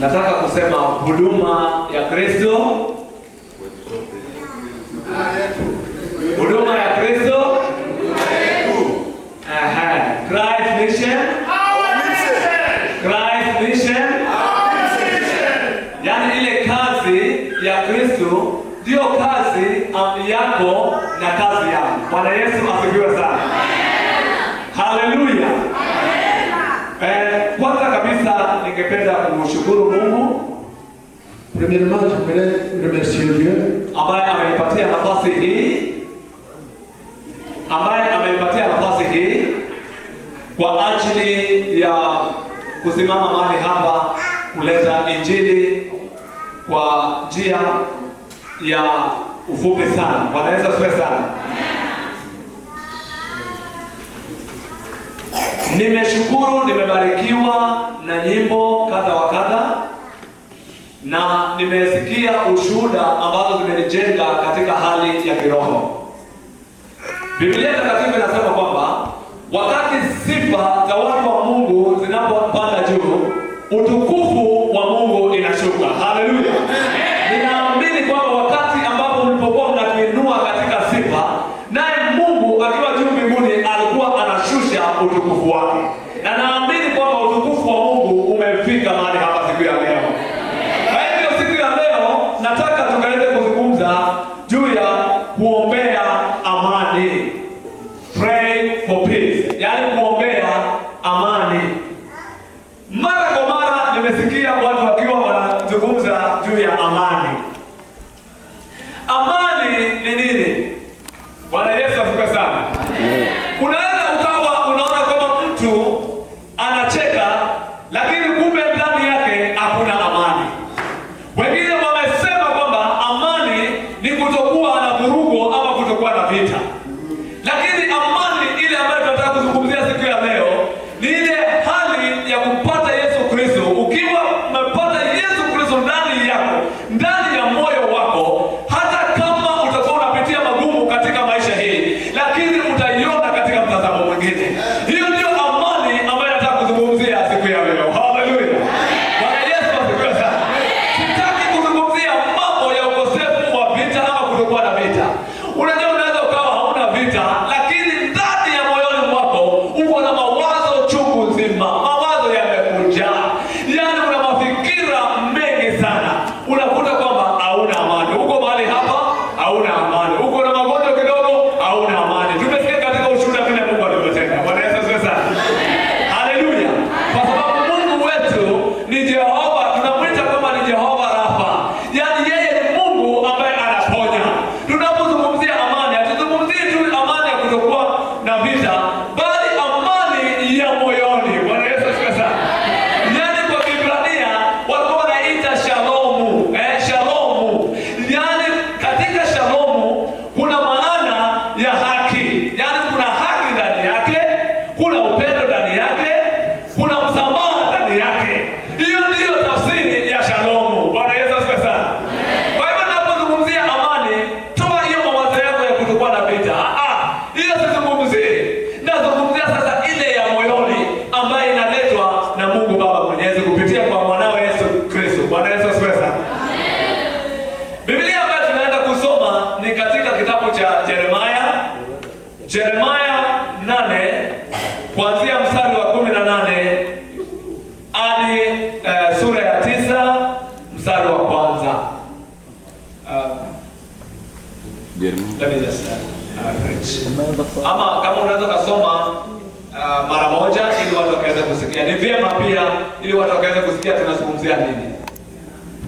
Nataka kusema huduma ya Kristo, huduma ya Kristo, Christ mission, Christ mission, yaani ile kazi ya Kristo ndiyo kazi yako na kazi yako. Bwana Yesu asifiwe sana, haleluya. Eh, kwanza kabisa ningependa kumshukuru Premièrement, je voudrais remercier Dieu Abaï parti à la place ambaye amenipatia nafasi hii, ambaye amenipatia nafasi hii kwa ajili ya kusimama mahali hapa kuleta injili kwa njia ya ufupi sana. Bwana Yesu asifiwe sana. Nimeshukuru, nimebarikiwa na nyimbo kadha wa kadha na nimesikia ushuhuda ambazo zimenijenga katika hali ya kiroho. Biblia Takatifu inasema kwamba wakati sifa za watu wa Mungu zinapopanda juu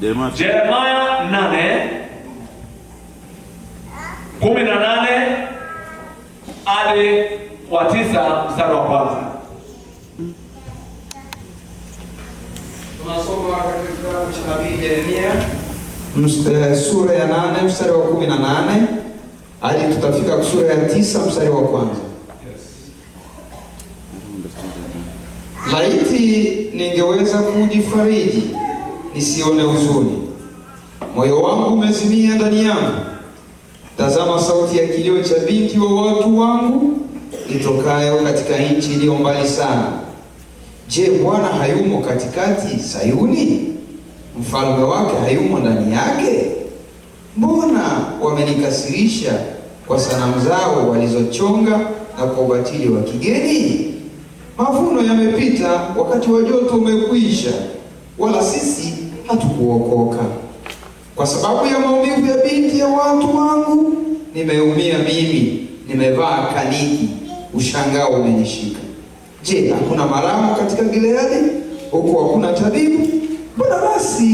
Yeremia 8 18 hadi wa 9 mstari wa kwanza. Yeremia eh, sura ya 8 mstari wa 18 hadi tutafika sura ya 9 mstari wa kwanza. Laiti ningeweza kujifariji nisione huzuni, moyo wangu umezimia ndani yangu. Tazama sauti ya kilio cha binti wa watu wangu itokayo katika nchi iliyo mbali sana. Je, Bwana hayumo katikati Sayuni? Mfalme wake hayumo ndani yake? Mbona wamenikasirisha kwa sanamu zao walizochonga na kwa ubatili wa kigeni? Mavuno yamepita, wakati wa joto umekwisha wala sisi hatukuokoka. Kwa sababu ya maumivu ya binti ya watu wangu nimeumia mimi, nimevaa kaniki, ushangao umenishika. Je, hakuna maramu katika Gileadi? huku hakuna tabibu? Mbona basi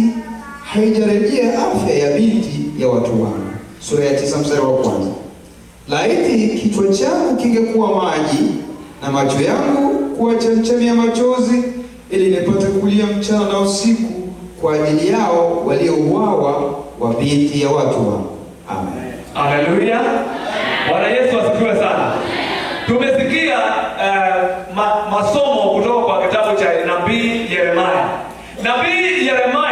haijarejea afya ya binti ya watu wangu? Sura ya tisa mstari wa kwanza. Laiti kichwa changu kingekuwa maji na macho yangu kuwa chemchemi ya machozi ili nipate kulia mchana na usiku kwa ajili yao waliouawa wa binti ya watu wangu. Amen. Haleluya. Bwana Yesu asifiwe sana. Tumesikia uh, ma, masomo kutoka kwa kitabu cha nabii Yeremia. Nabii Yeremia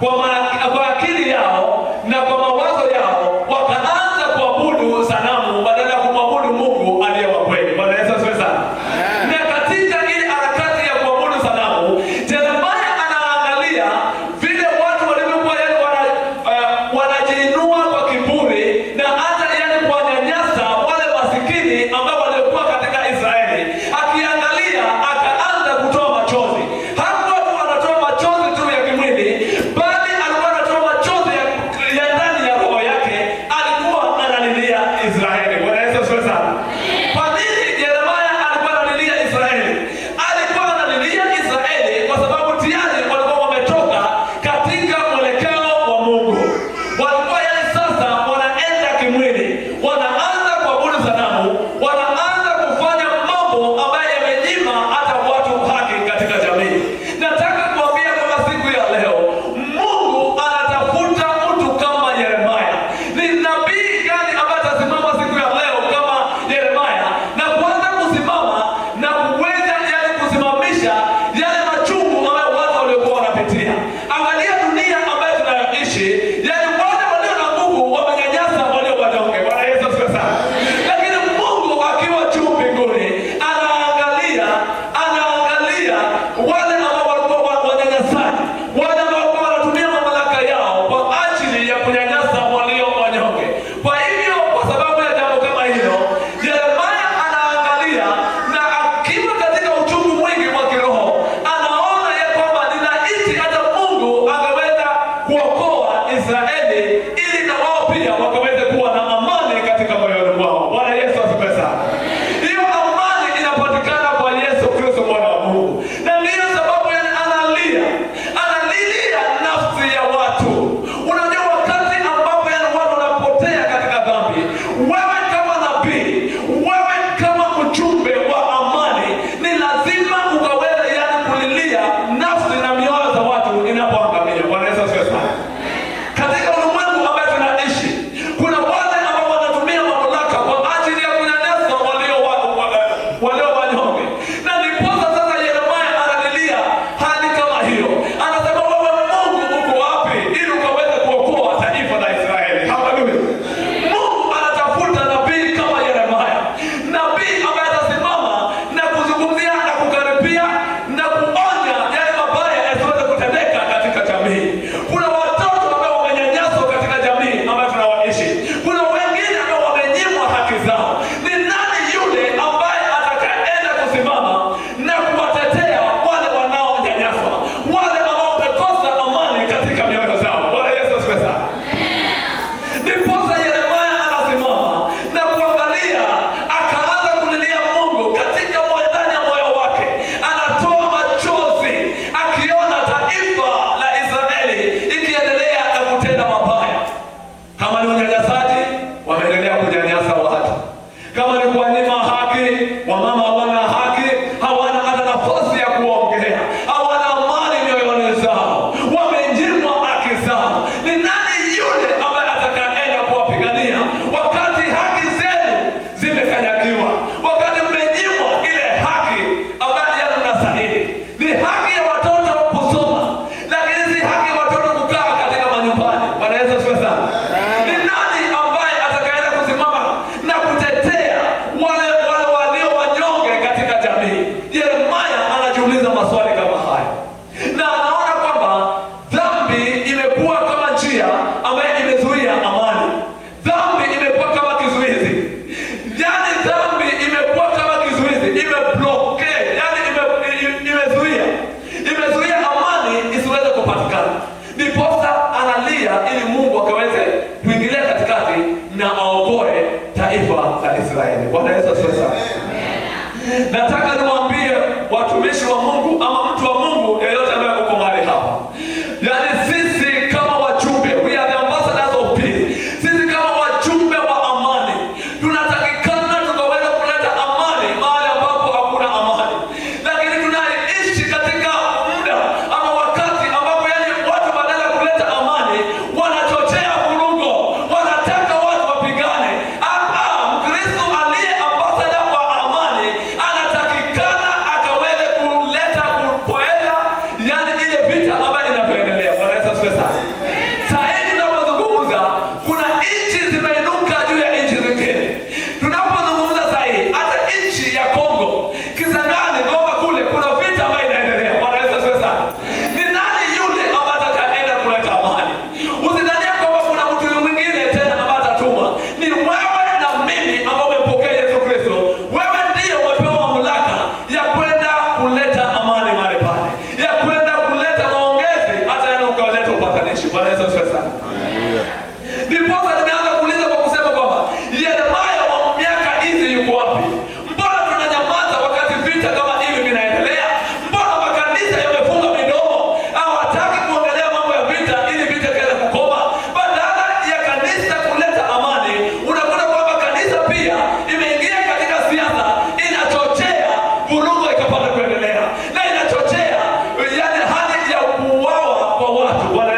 Wa ma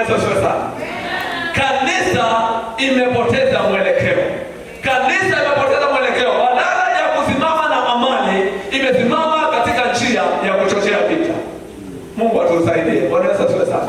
Yesu asifiwe sana. Kanisa imepoteza mwelekeo, kanisa imepoteza mwelekeo. Badala ya kusimama na amani, imesimama katika njia ya kuchochea vita. Mungu atusaidie. Bwana Yesu asifiwe sana.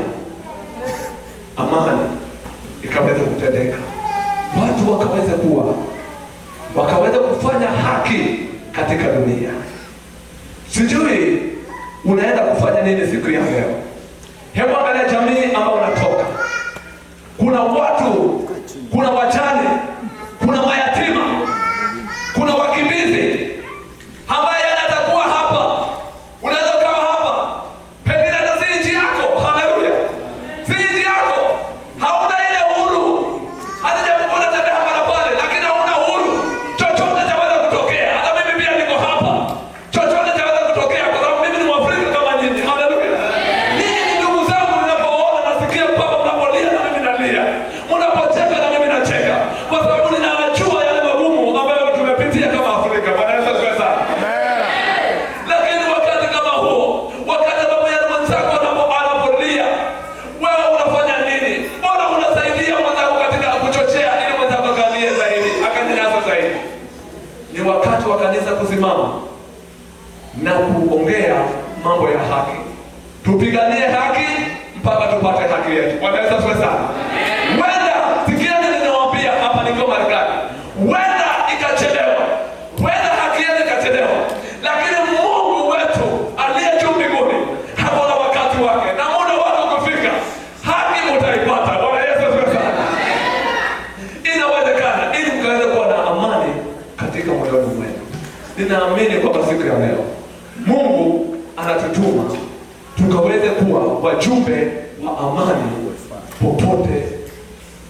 what sana. Wenda sikiani, ninawambia hapa nikiwa Marekani, wenda ikachelewa, wenda haki yenu ikachelewa, lakini Mungu wetu aliye juu mbinguni hapo na wakati wake na muda wake kufika haki utaipata. Bwana Yesu asifiwe. Inawezekana ili mkaweze kuwa na amani katika moyoni mwenu. Ninaamini kwa siku ya leo Mungu anatutuma tukaweze kuwa wajumbe wa amani popote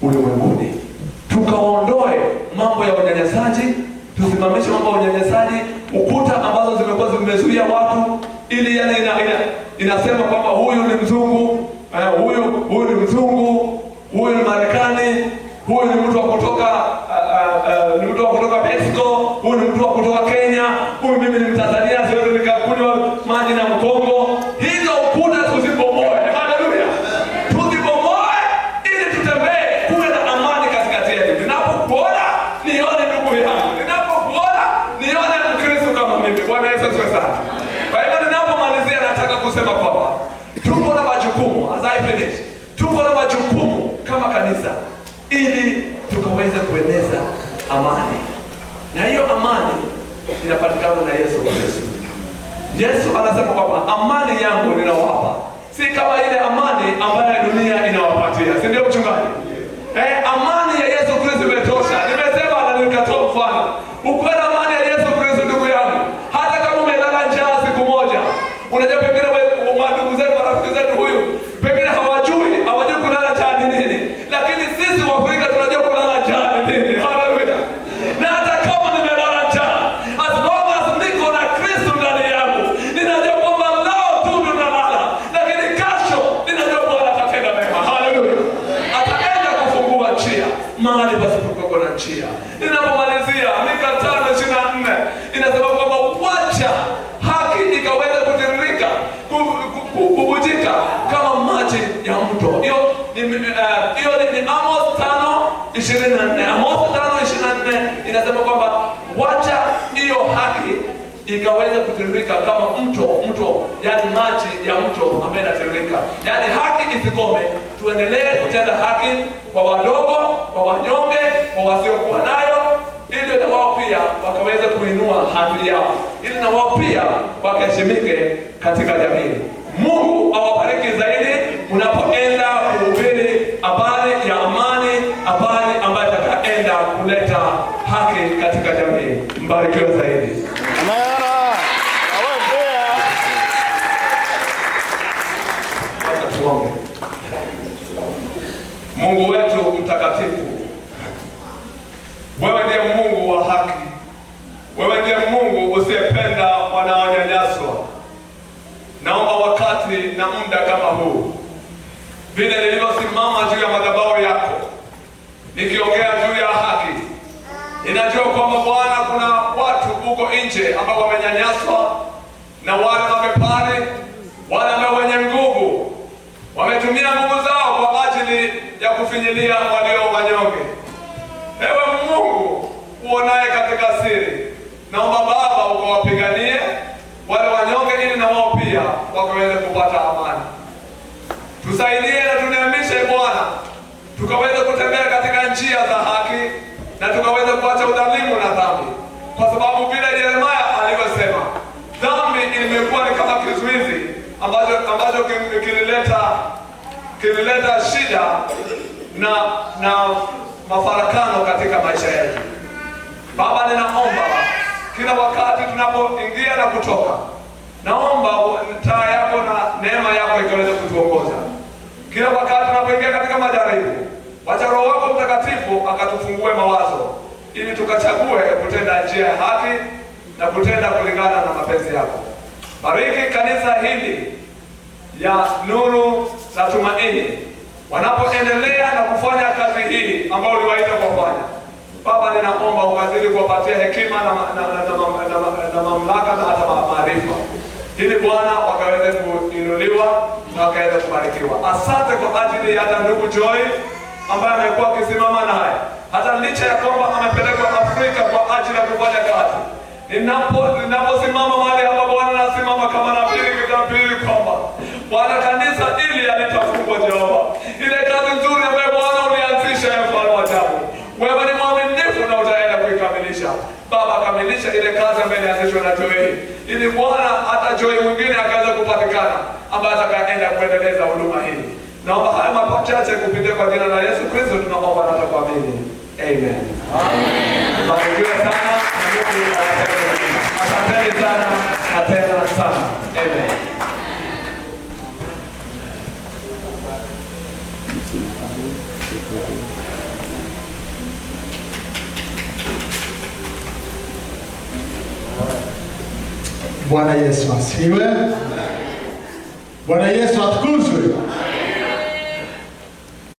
ulimwenguni. Tukaondoe mambo ya unyanyasaji, tusimamishe mambo ya unyanyasaji, ukuta ambazo zimekuwa zimezuia watu ili yani ina, ina, inasema kwamba huyu ni mzungu uh, huyu huyu ni mzungu, huyu ni Marekani, huyu ni mtu wa kutoka uh, uh, uh, ni mtu wa kutoka kama kanisa, ili tukaweze kueneza amani, na hiyo amani inapatikana na Yesu Kristo. Yesu anasema kwamba amani yangu ninawapa, si kama ile amani ambayo dunia inawapatia, si ndio mchungaji? mahali pasipokuwa na njia. Ninapomalizia Mika tano ishirini na nne inasema kwamba wacha haki ikaweza kutiririka kubujika kama maji ya mto. Hiyo ni eh, hiyo ni Amos tano ishirini na nne Amos tano ishirini na nne inasema kwamba wacha hiyo haki ikaweza kutiririka kama mto mto, yani maji ya mto ambaye inatiririka, yani haki isikome, tuendelee kutenda haki kwa wadogo kwa wanyonge, kwa wasiokuwa nayo, ili na wao pia wakaweze kuinua hadhi yao, ili na wao pia wakaheshimike katika jamii. Mungu awabariki zaidi unapoenda kuhubiri habari ya amani, habari ambayo itakaenda kuleta haki katika jamii. Mbarikiwe zaidi. Mungu wetu mtakatifu ndiye Mungu wa haki, wewe ndiye Mungu usiyependa wanaonyanyaswa. Naomba wakati na muda kama huu vile nilivyosimama juu ya madhabahu yako nikiongea juu ya haki, ninajua kwamba Bwana, kuna watu huko nje ambao wamenyanyaswa na wale mabepari, wale ambao wenye nguvu wametumia nguvu zao kwa ajili ya kufinyilia walio wanyonge. Ewe Mungu uonaye katika siri, naomba Baba ukawapiganie wale wanyonge, ili na wao pia wakaweze kupata amani. Tusaidie na tuniamishe Bwana, tukaweze kutembea katika njia za haki na tukaweze kuacha udhalimu na dhambi, kwa sababu vile jeremaya alivyosema, dhambi imekuwa ni kama kizuizi ambacho ambacho kilileta kilileta shida na na mafarakano katika maisha yetu. Baba, ninaomba kila wakati tunapoingia na kutoka, naomba taa yako na neema yako ikaweze kutuongoza kila wakati tunapoingia katika majaribu. Wacha Roho wako Mtakatifu akatufungue mawazo, ili tukachague kutenda njia ya haki na kutenda kulingana na mapenzi yako. Bariki kanisa hili ya Nuru na Tumaini wanapoendelea na kufanya kazi hii ambayo uliwaita kufanya Baba, ninaomba ukazidi kuwapatia hekima na, na, mamlaka na hata maarifa, ili Bwana wakaweze kuinuliwa na wakaweze kubarikiwa. Asante kwa ajili ya hata ndugu Joy ambaye amekuwa akisimama naye hata licha ya kwamba amepelekwa Afrika kwa ajili ya kufanya kazi. Ninaposimama mahali hapa, Bwana nasimama kama kuonyesha ile kazi ambayo ilianzishwa na Joel, ili Bwana hata Joel mwingine akaweza kupatikana ambaye atakaenda kuendeleza huduma hii. Naomba haya mapachache kupitia kwa jina la Yesu Kristo tunaomba na kuamini. Amen. Amen. Asanteni sana na tena sana. Amen. Bwana Yesu asiwe. Bwana Yesu atukuzwe.